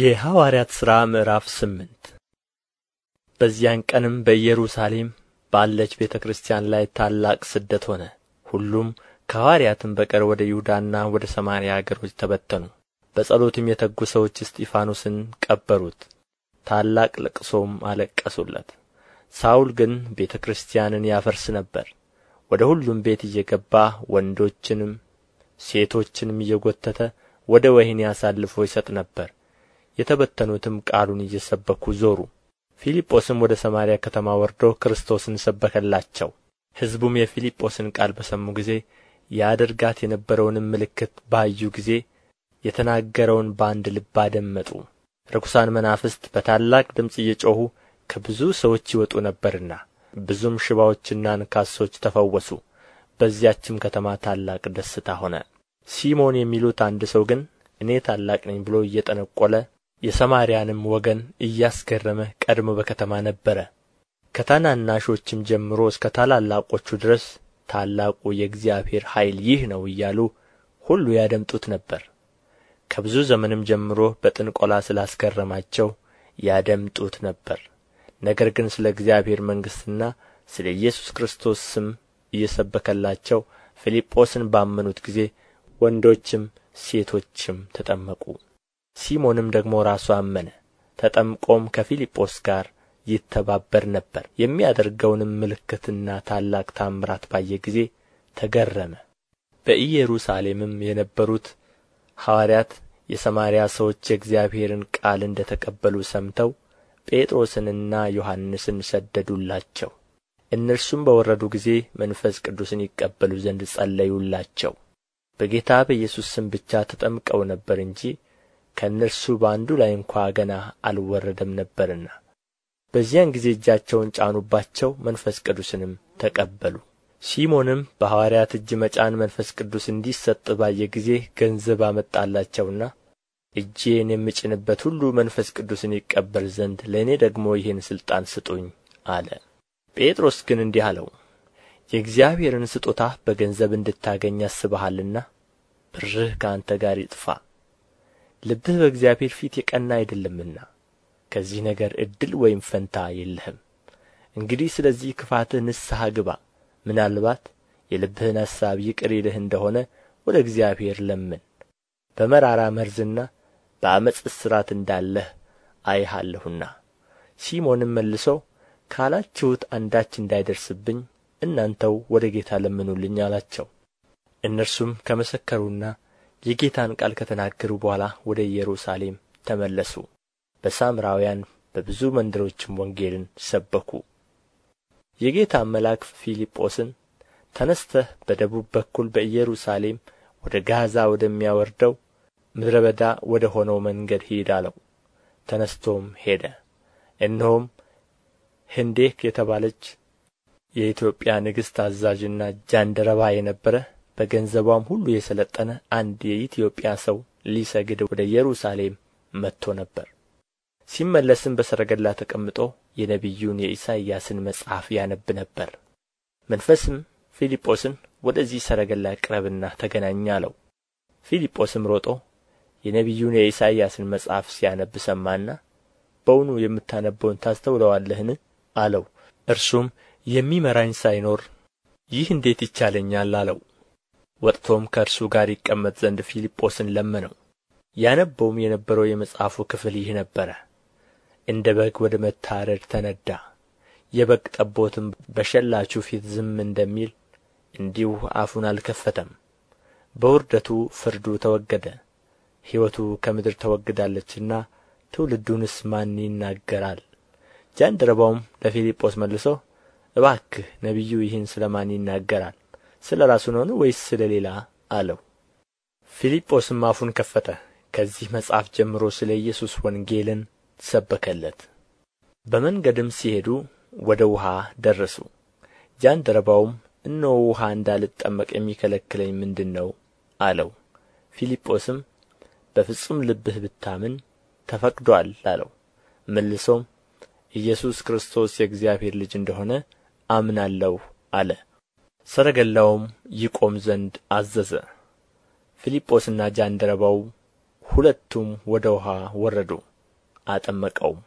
የሐዋርያት ሥራ ምዕራፍ ስምንት በዚያን ቀንም በኢየሩሳሌም ባለች ቤተ ክርስቲያን ላይ ታላቅ ስደት ሆነ። ሁሉም ከሐዋርያትም በቀር ወደ ይሁዳና ወደ ሰማርያ አገሮች ተበተኑ። በጸሎትም የተጉ ሰዎች እስጢፋኖስን ቀበሩት፣ ታላቅ ለቅሶም አለቀሱለት። ሳውል ግን ቤተ ክርስቲያንን ያፈርስ ነበር። ወደ ሁሉም ቤት እየገባ ወንዶችንም ሴቶችንም እየጎተተ ወደ ወህኒ አሳልፎ ይሰጥ ነበር። የተበተኑትም ቃሉን እየሰበኩ ዞሩ። ፊልጶስም ወደ ሰማርያ ከተማ ወርዶ ክርስቶስን ሰበከላቸው። ሕዝቡም የፊልጶስን ቃል በሰሙ ጊዜ ያደርጋት የነበረውንም ምልክት ባዩ ጊዜ የተናገረውን በአንድ ልብ አደመጡ። ርኩሳን መናፍስት በታላቅ ድምፅ እየጮኹ ከብዙ ሰዎች ይወጡ ነበርና ብዙም ሽባዎችና አንካሶች ተፈወሱ። በዚያችም ከተማ ታላቅ ደስታ ሆነ። ሲሞን የሚሉት አንድ ሰው ግን እኔ ታላቅ ነኝ ብሎ እየጠነቈለ የሰማርያንም ወገን እያስገረመ ቀድሞ በከተማ ነበረ ከታናናሾችም ጀምሮ እስከ ታላላቆቹ ድረስ ታላቁ የእግዚአብሔር ኃይል ይህ ነው እያሉ ሁሉ ያደምጡት ነበር ከብዙ ዘመንም ጀምሮ በጥንቆላ ስላስገረማቸው ያደምጡት ነበር ነገር ግን ስለ እግዚአብሔር መንግሥትና ስለ ኢየሱስ ክርስቶስ ስም እየሰበከላቸው ፊልጶስን ባመኑት ጊዜ ወንዶችም ሴቶችም ተጠመቁ ሲሞንም ደግሞ ራሱ አመነ፣ ተጠምቆም ከፊልጶስ ጋር ይተባበር ነበር። የሚያደርገውንም ምልክትና ታላቅ ታምራት ባየ ጊዜ ተገረመ። በኢየሩሳሌምም የነበሩት ሐዋርያት የሰማርያ ሰዎች የእግዚአብሔርን ቃል እንደ ተቀበሉ ሰምተው ጴጥሮስንና ዮሐንስን ሰደዱላቸው። እነርሱም በወረዱ ጊዜ መንፈስ ቅዱስን ይቀበሉ ዘንድ ጸለዩላቸው። በጌታ በኢየሱስ ስም ብቻ ተጠምቀው ነበር እንጂ ከእነርሱ በአንዱ ላይ እንኳ ገና አልወረደም ነበርና በዚያን ጊዜ እጃቸውን ጫኑባቸው መንፈስ ቅዱስንም ተቀበሉ ሲሞንም በሐዋርያት እጅ መጫን መንፈስ ቅዱስ እንዲሰጥ ባየ ጊዜ ገንዘብ አመጣላቸውና እጄን የምጭንበት ሁሉ መንፈስ ቅዱስን ይቀበል ዘንድ ለእኔ ደግሞ ይህን ሥልጣን ስጡኝ አለ። ጴጥሮስ ግን እንዲህ አለው፣ የእግዚአብሔርን ስጦታ በገንዘብ እንድታገኝ አስበሃልና ብርህ ከአንተ ጋር ይጥፋ ልብህ በእግዚአብሔር ፊት የቀና አይደለምና ከዚህ ነገር እድል ወይም ፈንታ የለህም። እንግዲህ ስለዚህ ክፋትህ ንስሐ ግባ፣ ምናልባት የልብህን ሐሳብ ይቅር ይልህ እንደሆነ ወደ እግዚአብሔር ለምን። በመራራ መርዝና በአመፅ እስራት እንዳለህ አይሃለሁና። ሲሞንም መልሶ ካላችሁት አንዳች እንዳይደርስብኝ እናንተው ወደ ጌታ ለምኑልኝ አላቸው። እነርሱም ከመሰከሩና የጌታን ቃል ከተናገሩ በኋላ ወደ ኢየሩሳሌም ተመለሱ። በሳምራውያን በብዙ መንደሮችም ወንጌልን ሰበኩ። የጌታ መልአክ ፊልጶስን ተነስተህ በደቡብ በኩል በኢየሩሳሌም ወደ ጋዛ ወደሚያወርደው ምድረ በዳ ወደ ሆነው መንገድ ሂድ አለው። ተነስቶም ሄደ። እነሆም ህንዴክ የተባለች የኢትዮጵያ ንግሥት አዛዥና ጃንደረባ የነበረ በገንዘቧም ሁሉ የሰለጠነ አንድ የኢትዮጵያ ሰው ሊሰግድ ወደ ኢየሩሳሌም መጥቶ ነበር። ሲመለስም በሰረገላ ተቀምጦ የነቢዩን የኢሳይያስን መጽሐፍ ያነብ ነበር። መንፈስም ፊልጶስን ወደዚህ ሰረገላ ቅረብና ተገናኝ አለው። ፊልጶስም ሮጦ የነቢዩን የኢሳይያስን መጽሐፍ ሲያነብ ሰማና በውኑ የምታነበውን ታስተውለዋለህን? አለው። እርሱም የሚመራኝ ሳይኖር ይህ እንዴት ይቻለኛል አለው። ወጥቶም ከእርሱ ጋር ይቀመጥ ዘንድ ፊልጶስን ለመነው። ያነበውም የነበረው የመጽሐፉ ክፍል ይህ ነበረ። እንደ በግ ወደ መታረድ ተነዳ፣ የበግ ጠቦትም በሸላቹ ፊት ዝም እንደሚል እንዲሁ አፉን አልከፈተም። በውርደቱ ፍርዱ ተወገደ፣ ሕይወቱ ከምድር ተወግዳለችና ትውልዱንስ ማን ይናገራል? ጃንደረባውም ለፊልጶስ መልሶ እባክህ ነቢዩ ይህን ስለ ማን ይናገራል? ስለ ራሱ ነውን ወይስ ስለ ሌላ አለው ፊልጶስም አፉን ከፈተ ከዚህ መጽሐፍ ጀምሮ ስለ ኢየሱስ ወንጌልን ሰበከለት በመንገድም ሲሄዱ ወደ ውሃ ደረሱ ጃንደረባውም እነሆ ውሃ እንዳልጠመቅ የሚከለክለኝ ምንድን ነው አለው ፊልጶስም በፍጹም ልብህ ብታምን ተፈቅዶአል አለው መልሶም ኢየሱስ ክርስቶስ የእግዚአብሔር ልጅ እንደሆነ አምናለሁ አለ ሰረገላውም ይቆም ዘንድ አዘዘ ፊልጶስና ጃንደረባው ሁለቱም ወደ ውኃ ወረዱ አጠመቀውም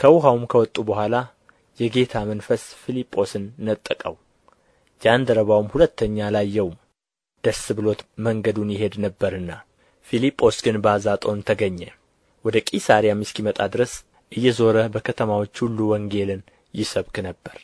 ከውኃውም ከወጡ በኋላ የጌታ መንፈስ ፊልጶስን ነጠቀው ጃንደረባውም ሁለተኛ አላየውም ደስ ብሎት መንገዱን ይሄድ ነበርና ፊልጶስ ግን በአዛጦን ተገኘ ወደ ቂሳርያም እስኪመጣ ድረስ እየዞረ በከተማዎች ሁሉ ወንጌልን ይሰብክ ነበር